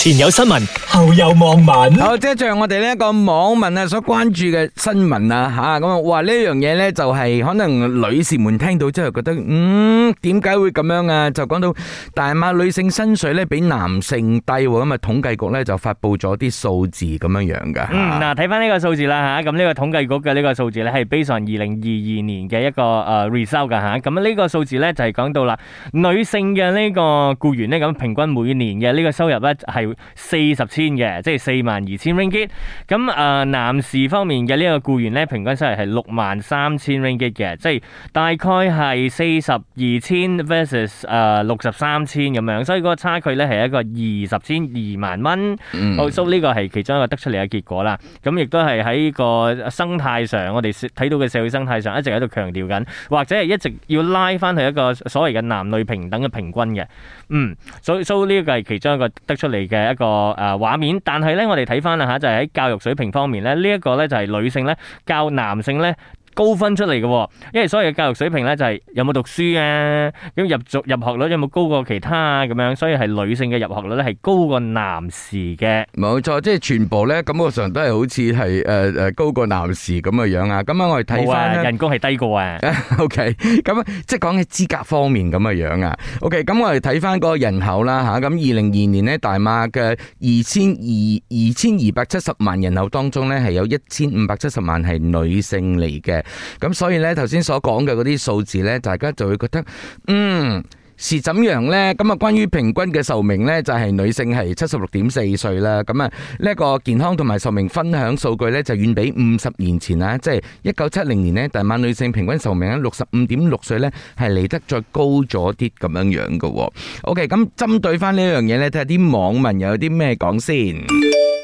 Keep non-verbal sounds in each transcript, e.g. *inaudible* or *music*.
前有新聞，後有網民。好，即係像我哋呢一個網民啊所關注嘅新聞啊吓，咁啊，哇呢樣嘢咧就係可能女士們聽到之後覺得，嗯，點解會咁樣啊？就講到大馬女性薪水咧比男性低，咁啊統計局咧就發佈咗啲數字咁樣樣噶。嗯，嗱，睇翻呢個數字啦吓，咁呢個統計局嘅呢個數字咧係 based on 二零二二年嘅一個誒 result 噶吓，咁呢個數字咧就係講到啦，女性嘅呢個僱員咧咁平均每年嘅呢個收入咧係。四十千嘅，即係四萬二千 ringgit。咁啊，男士方面嘅呢個雇員咧，平均收入係六萬三千 ringgit 嘅，即係大概係四十二千 versus 啊六十三千咁樣，所以嗰個差距咧係一個二十千二萬蚊。嗯，so 呢個係其中一個得出嚟嘅結果啦。咁亦都係喺個生態上，我哋睇到嘅社會生態上一直喺度強調緊，或者係一直要拉翻去一個所謂嘅男女平等嘅平均嘅。嗯，所以 so 呢個係其中一個得出嚟嘅。誒，一個誒畫面，但係咧，我哋睇翻啦吓，就係、是、喺教育水平方面咧，這個、呢一個咧就係、是、女性咧教男性咧。高分出嚟嘅，因為所謂嘅教育水平咧就係有冇讀書啊，咁入入入學率有冇高過其他啊咁樣，所以係女性嘅入學率咧係高過男士嘅。冇錯，即係全部咧感覺上都係好似係誒誒高過男士咁嘅樣啊。咁啊，我哋睇翻咧，人工係低過啊。OK，咁即係講起資格方面咁嘅樣啊。OK，咁我哋睇翻嗰個人口啦吓，咁二零二二年咧大馬嘅二千二二千二百七十萬人口當中咧係有一千五百七十萬係女性嚟嘅。咁所以呢，頭先所講嘅嗰啲數字呢，大家就會覺得，嗯，是怎樣呢？咁、嗯、啊，關於平均嘅壽命呢，就係、是、女性係七十六點四歲啦。咁、嗯、啊，呢、這、一個健康同埋壽命分享數據呢，就遠比五十年前啊，即係一九七零年呢，大馬女性平均壽命咧六十五點六歲呢，係嚟得再高咗啲咁樣樣嘅、哦。OK，咁、嗯、針對翻呢樣嘢呢，睇下啲網民有啲咩講先。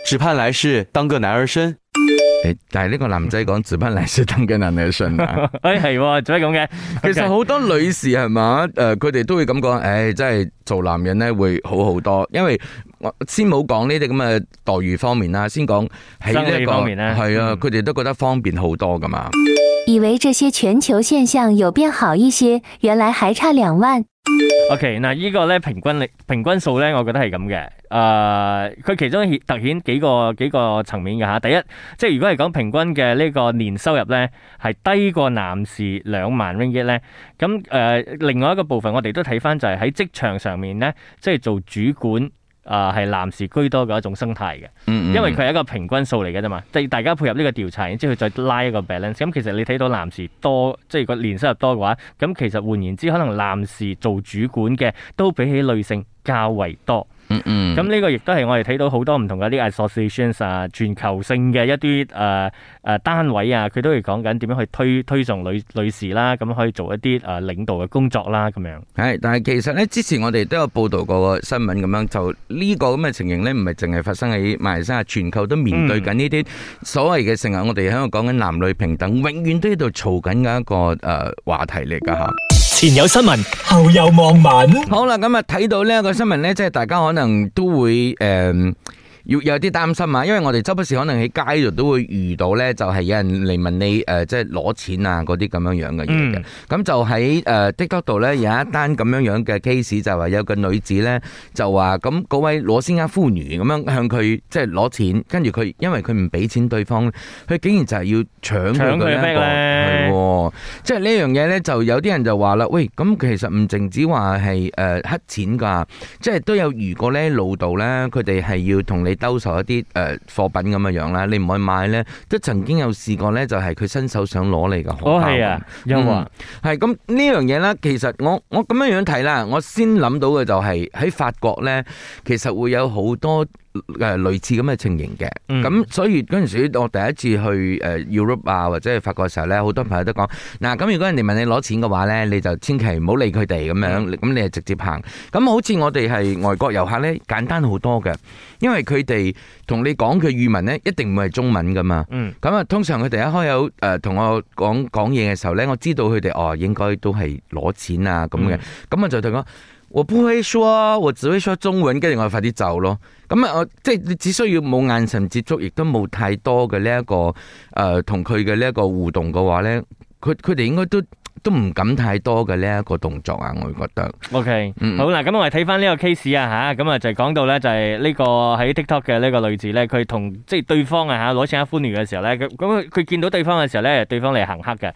只盼來誒，但係呢個男仔講自不量力，等嘅能力順啊！誒，係，做咩咁嘅？其實好多女士係嘛，誒，佢、呃、哋都會咁講，誒、哎，真係做男人咧會好好多，因為我先冇講呢啲咁嘅待遇方面啦，先講喺呢方面咧，係啊，佢哋都覺得方便好多㗎嘛。嗯以為這些全球現象有變好一些，原來還差兩萬。OK，那個呢個咧，平均平均數咧，我覺得係咁嘅。誒、呃，佢其中特顯幾個幾個層面嘅吓。第一，即係如果係講平均嘅呢個年收入咧，係低過男士兩萬 ringgit 咧。咁、呃、誒，另外一個部分我哋都睇翻就係喺職場上面咧，即係做主管。啊，係、呃、男士居多嘅一種生態嘅，因為佢係一個平均數嚟嘅啫嘛，即係大家配合呢個調查，然之後再拉一個 balance。咁其實你睇到男士多，即係個年收入多嘅話，咁其實換言之，可能男士做主管嘅都比起女性較為多，咁呢、嗯嗯、個亦都係我哋睇到好多唔同嘅啲 associations 啊，全球性嘅一啲誒誒單位啊，佢都會講緊點樣去推推崇女女士啦、啊，咁樣可以做一啲誒、呃、領導嘅工作啦、啊，咁樣。係，但係其實咧，之前我哋都有報道過個新聞，咁樣就呢個咁嘅情形咧，唔係淨係發生喺馬來西亞，全球都面對緊呢啲所謂嘅成日我哋喺度講緊男女平等，永遠都喺度嘈緊嘅一個誒、呃、話題嚟噶吓。啊前有新聞，後有網民。好啦，咁啊睇到呢一個新聞咧，即係大家可能都會誒。呃要有啲擔心啊，因為我哋周不時可能喺街度都會遇到咧，就係有人嚟問你誒、呃，即係攞錢啊嗰啲咁樣樣嘅嘢嘅。咁、嗯、就喺誒的確度咧，有一單咁樣樣嘅 case，就話有個女子咧就話咁嗰位攞先啊，婦女咁樣向佢即係攞錢，跟住佢因為佢唔俾錢對方，佢竟然就係要搶佢嘅即係呢樣嘢咧，就有啲人就話啦，喂咁、嗯、其實唔淨止話係誒黑錢㗎，即係都有如果咧老道咧，佢哋係要同你。兜售一啲誒、呃、貨品咁嘅樣啦，你唔去買呢。都曾經有試過呢，就係佢伸手想攞你嘅荷包。係、哦、啊，因為係咁呢樣嘢呢，其實我我咁樣樣睇啦，我先諗到嘅就係、是、喺法國呢，其實會有好多。誒，類似咁嘅情形嘅，咁、嗯、所以嗰陣時我第一次去誒 Europe 啊，或者係法國嘅時候呢，好多朋友都講，嗱，咁如果人哋問你攞錢嘅話呢，你就千祈唔好理佢哋咁樣，咁你就直接行。咁好似我哋係外國遊客呢，簡單好多嘅，因為佢哋同你講佢語文呢，一定唔係中文噶嘛。嗯，咁啊，通常佢哋一開口誒同、呃、我講講嘢嘅時候呢，我知道佢哋哦，應該都係攞錢啊咁嘅，咁、嗯、我就同我。我不會說，我只會說中文，跟住我快啲走咯。咁、嗯、啊，我即係你只需要冇眼神接觸，亦都冇太多嘅呢一個誒，同佢嘅呢一個互動嘅話咧佢佢哋應該都都唔敢太多嘅呢一個動作啊，我會覺得。OK，好啦，咁我哋睇翻呢個 case 啊，嚇，咁啊就係講到咧，就係呢個喺 TikTok 嘅呢個女子咧，佢同即係對方啊嚇攞錢啊歡愉嘅時候咧，咁咁佢見到對方嘅時候咧，對方嚟行黑嘅，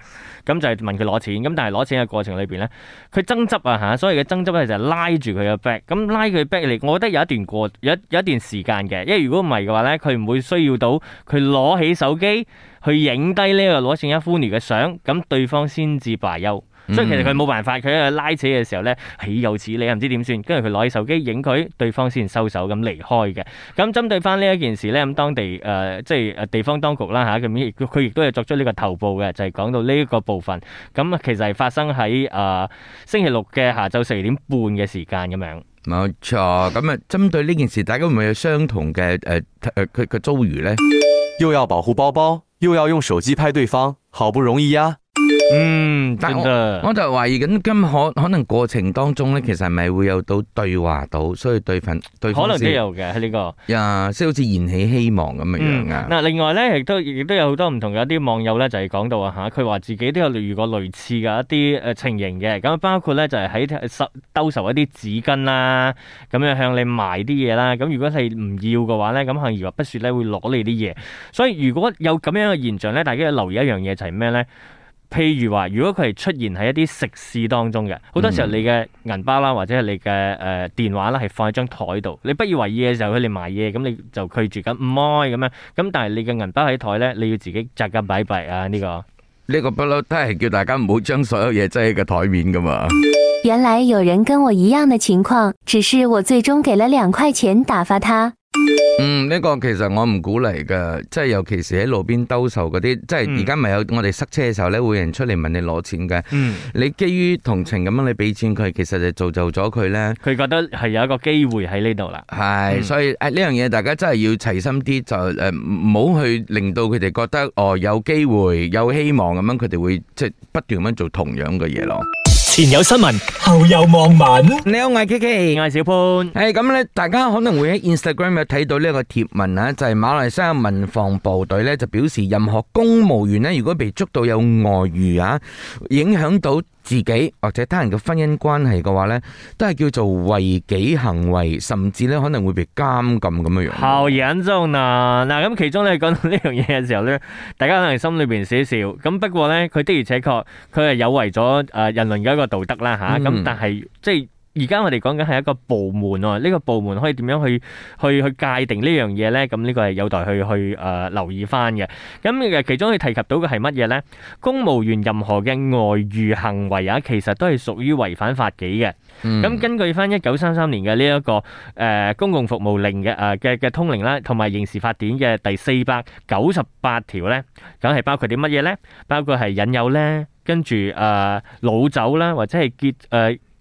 咁就係問佢攞錢，咁但係攞錢嘅過程裏邊咧，佢爭執啊嚇，所以嘅爭執咧就係拉住佢嘅 back，咁拉佢 back 嚟，我覺得有一段過有有一段時間嘅，因為如果唔係嘅話咧，佢唔會需要到佢攞起手機。去影低呢個攞剩一夫愉嘅相，咁對方先至罷休，所以其實佢冇辦法，佢喺度拉扯嘅時候咧，豈有此理，又唔知點算，跟住佢攞起手機影佢，對方先收手咁離開嘅。咁針對翻呢一件事咧，咁當地誒、呃、即係地方當局啦嚇，咁亦佢亦都係作出呢個頭部嘅，就係、是、講到呢一個部分。咁、啊、其實係發生喺誒、呃、星期六嘅下晝四點半嘅時間咁樣。冇錯，咁啊針對呢件事，大家會唔會有相同嘅誒誒佢嘅遭遇咧？要有保護波波。又要用手機拍對方，好不容易呀。嗯，但我，的我就懷疑緊今可可能過程當中咧，其實係咪會有到對話到，所以對份對可能都有嘅呢、這個。呀，即係好似燃起希望咁樣樣啊！嗱、嗯，另外咧亦都亦都有好多唔同嘅一啲網友咧，就係、是、講到啊吓，佢話自己都有遇過類似嘅一啲誒情形嘅。咁包括咧就係喺收兜售一啲紙巾啦，咁樣向你賣啲嘢啦。咁如果係唔要嘅話咧，咁可能不得不說咧會攞你啲嘢。所以如果有咁樣嘅現象咧，大家要留意一樣嘢就係咩咧？譬如話，如果佢係出現喺一啲食肆當中嘅，好多時候你嘅銀包啦，或者係你嘅誒電話啦，係放喺張台度，你不以為意嘅時候佢哋埋賣嘢，咁你就拒絕緊唔該咁樣，咁但係你嘅銀包喺台呢，你要自己扎金擺幣啊呢個呢個不嬲，都係叫大家唔好將所有嘢擠喺個台面噶嘛。原來有人跟我一樣嘅情況，只是我最終給了兩塊錢打發他。嗯，呢、這個其實我唔鼓勵嘅，即係尤其是喺路邊兜售嗰啲，即係而家咪有我哋塞車嘅時候咧，嗯、會有人出嚟問你攞錢嘅。嗯，你基於同情咁樣你俾錢佢，其實就造就咗佢咧。佢覺得係有一個機會喺呢度啦。係是，嗯、所以誒呢樣嘢大家真係要齊心啲，就誒唔好去令到佢哋覺得哦有機會有希望咁樣，佢哋會即係不斷咁樣做同樣嘅嘢咯。前有新聞，後有網民。你好，我係 KK，我係小潘。係咁咧，大家可能會喺 Instagram 有睇到呢一個貼文啊，就係馬來西亞民防部隊咧就表示，任何公務員咧如果被捉到有外遇啊，影響到，自己或者他人嘅婚姻關係嘅話呢，都係叫做違紀行為，甚至咧可能會被監禁咁嘅樣。好嚴重啦，啊！嗱，咁其中你講到呢樣嘢嘅時候呢，大家可能心裏邊少少。咁不過呢，佢的而且確，佢係有違咗誒人倫嘅一個道德啦吓。咁，啊、但係即係。而家我哋講緊係一個部門喎，呢個部門可以點樣去去去界定呢樣嘢咧？咁呢個係有待去去誒留意翻嘅。咁其實其中佢提及到嘅係乜嘢咧？公務員任何嘅外遇行為啊，其實都係屬於違反法紀嘅。咁根據翻一九三三年嘅呢一個誒公共服務令嘅誒嘅嘅通令咧，同埋刑事法典嘅第四百九十八條咧，梗係包括啲乜嘢咧？包括係引誘咧，跟住誒老酒啦，或者係結誒。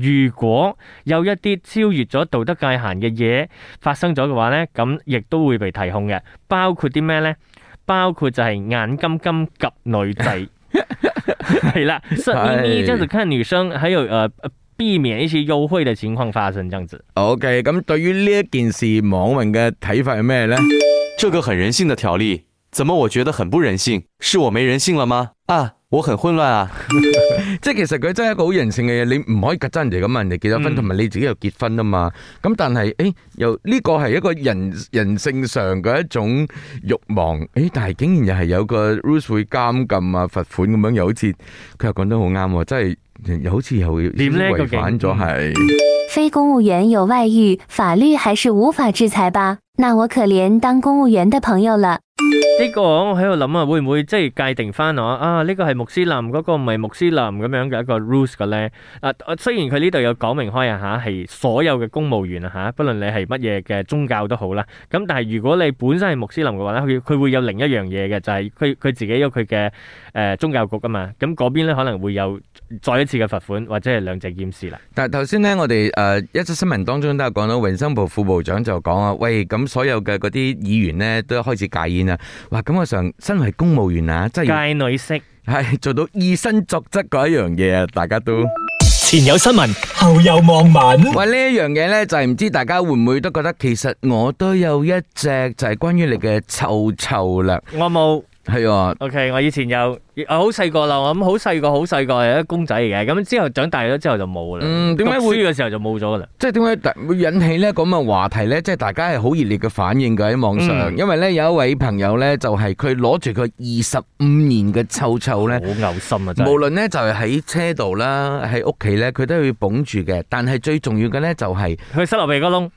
如果有一啲超越咗道德界限嘅嘢發生咗嘅話咧，咁亦都會被提控嘅。包括啲咩咧？包括就係眼金金及女仔，係啦，色眯眯，即係看女生，喺度誒避免一些幽會嘅情況發生，咁樣子。OK，咁對於呢一件事，網民嘅睇法係咩咧？這個很人性嘅條例，怎麼我覺得很不人性？是我沒人性啦嗎？啊！我很混亂啊！即係 *music* 其實佢真係一個好人性嘅嘢，你唔可以夾真人哋噶嘛，人哋結咗婚，同埋你自己又結婚啊嘛。咁但係誒、欸，又呢個係一個人人性上嘅一種慾望。誒、欸，但係竟然又係有個 rules 會監禁啊、罰款咁樣，又好似佢又講得好啱喎，真係又好似又違反咗係 *music* 。非公務員有外遇，法律還是無法制裁吧？那我可憐當公務員的朋友啦。呢個我喺度諗啊，會唔會即係界定翻啊？啊，呢個係穆斯林嗰個唔係穆斯林咁樣嘅一個 rules 嘅咧。啊，雖然佢呢度有講明開啊，吓係所有嘅公務員啊，吓不論你係乜嘢嘅宗教都好啦。咁但係如果你本身係穆斯林嘅話咧，佢佢會有另一樣嘢嘅，就係佢佢自己有佢嘅誒宗教局噶嘛。咁嗰邊咧可能會有再一次嘅罰款或者係兩只驗視啦。但係頭先咧，我哋誒一則新聞當中都有講到，衛生部副部長就講啊，喂咁。所有嘅嗰啲議員咧都開始戒煙啦，哇！咁我上身為公務員啊，即係戒女色係，哎、做到以身作則嗰一樣嘢，大家都前有新聞，後有網民。哇！一呢一樣嘢咧就係、是、唔知大家會唔會都覺得，其實我都有一隻就係關於你嘅臭臭啦，我冇。係啊，OK，我以前又好細個啦，我諗好細個好細個，係一公仔嚟嘅。咁之後長大咗之後就冇啦。嗯，點解會嘅時候就冇咗啦？即係點解會引起呢咁嘅話題呢？即係大家係好熱烈嘅反應嘅喺網上，嗯、因為呢有一位朋友呢，就係佢攞住佢二十五年嘅臭臭呢，好嘔心啊！無論呢，就係喺車度啦，喺屋企呢，佢都要捧住嘅。但係最重要嘅呢、就係，就係佢塞落鼻哥窿。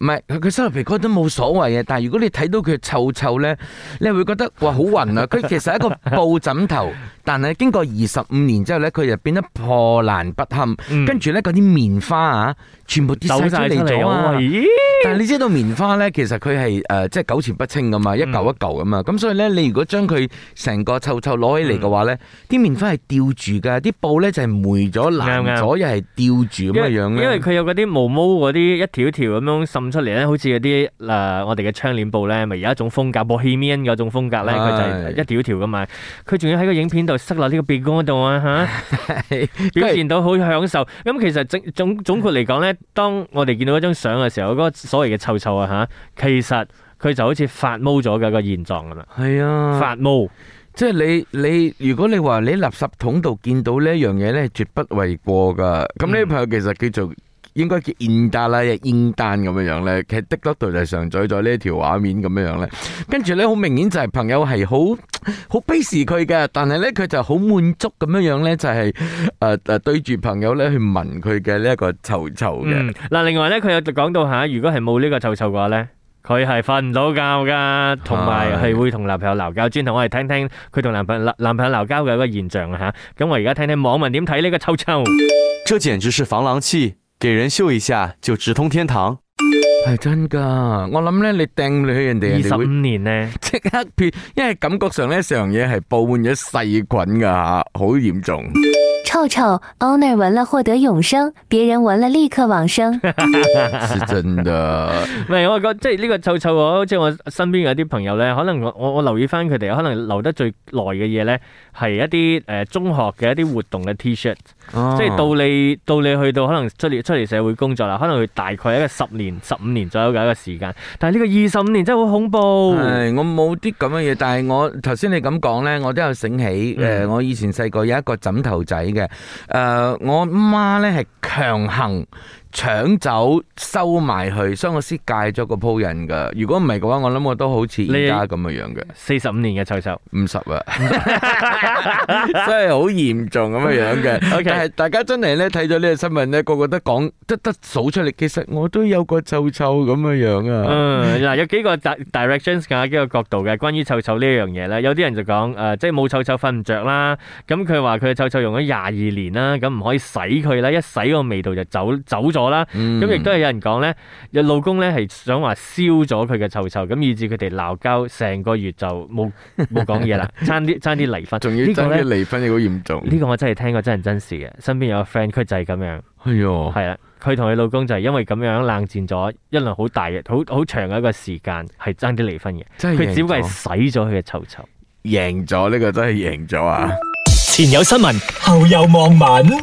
唔係佢佢身入皮哥都冇所謂嘅，但係如果你睇到佢臭臭咧，你會覺得哇好暈啊！佢其實係一個布枕頭，但係經過二十五年之後咧，佢就變得破爛不堪。跟住咧，嗰啲棉花啊，全部跌晒出嚟咗。但係你知道棉花咧，其實佢係誒，即係糾纏不清噶嘛，一嚿一嚿噶嘛。咁所以咧，你如果將佢成個臭臭攞起嚟嘅話咧，啲棉花係吊住噶，啲布咧就係霉咗爛咗，又係吊住咁嘅樣。因為因為佢有嗰啲毛毛嗰啲一條條咁樣咁出嚟咧，好似嗰啲誒，我哋嘅窗簾布咧，咪有一種風格，波希米亞嗰種風格咧，佢就係一條條噶嘛。佢仲要喺個影片度塞落呢個鼻哥度啊嚇，表現到好享受。咁其實總總括嚟講咧，當我哋見到一張相嘅時候，嗰個所謂嘅臭臭啊嚇，其實佢就好似發毛咗嘅一個現狀噶啦。係啊，發毛，即係你你，如果你話你喺垃圾桶度見到呢一樣嘢咧，絕不為過噶。咁呢啲朋友其實叫做。應該叫現代啦，現代咁樣樣咧，其實的確度就係上載咗呢一條畫面咁樣樣咧，跟住咧好明顯就係朋友係好好鄙視佢嘅，但係咧佢就好滿足咁樣樣咧就係誒誒對住朋友咧去聞佢嘅呢一個臭臭嘅。嗱，另外咧佢有講到吓，如果係冇呢個臭臭嘅話咧，佢係瞓唔到覺噶，同埋係會同男朋友鬧交。先同我哋聽聽佢同男朋友男男朋友鬧交嘅一個現象啊吓。咁我而家聽聽網民點睇呢個臭臭。這簡直是防狼器。俾人嗅一下就直通天堂，係真噶。我諗咧，你掟你去人哋二十五年咧，即刻變，因為感覺上呢，呢樣嘢係布滿咗細菌噶吓，好嚴重。臭臭，owner 聞了獲得永生，別人聞了立刻往生。係 *laughs* 真的，唔係我覺即係呢個臭臭，我好似我身邊有啲朋友咧，可能我我我留意翻佢哋，可能留得最耐嘅嘢咧。係一啲誒中學嘅一啲活動嘅 T-shirt，哦、即係到你到你去到可能出嚟出嚟社會工作啦，可能佢大概一個十年、十五年左右嘅一個時間。但係呢個二十五年真係好恐怖。哎、我冇啲咁嘅嘢，但係我頭先你咁講呢，我都有醒起誒、嗯呃，我以前細個有一個枕頭仔嘅，誒、呃、我媽呢係強行。搶走收埋去，所以我先戒咗個鋪癮噶。如果唔係嘅話，我諗我都好似而家咁嘅樣嘅。四十五年嘅臭臭 50 了，五十啊，真係好嚴重咁嘅樣嘅。OK，但大家真係咧睇咗呢個新聞咧，個個都講，得得數出嚟，其實我都有個臭臭咁嘅樣啊。嗯，嗱，有幾個 directions 嘅幾個角度嘅，關於臭臭呢一樣嘢咧。有啲人就講誒，即係冇臭臭瞓唔着啦。咁佢話佢臭臭用咗廿二年啦，咁唔可以洗佢啦，一洗個味道就走走咗。啦，咁亦都係有人講咧，有老公咧係想話燒咗佢嘅臭臭，咁以至佢哋鬧交，成個月就冇冇講嘢啦，爭啲爭啲離婚，仲要爭啲離婚又好嚴重。呢個我真係聽過真人真事嘅，身邊有個 friend，佢就係咁樣，係啊、哎呦，佢同佢老公就係因為咁樣冷戰咗一輪好大嘅好好長嘅一個時間，係爭啲離婚嘅，佢只不過係洗咗佢嘅臭臭，贏咗呢個真係贏咗啊！前有新聞，後有網民。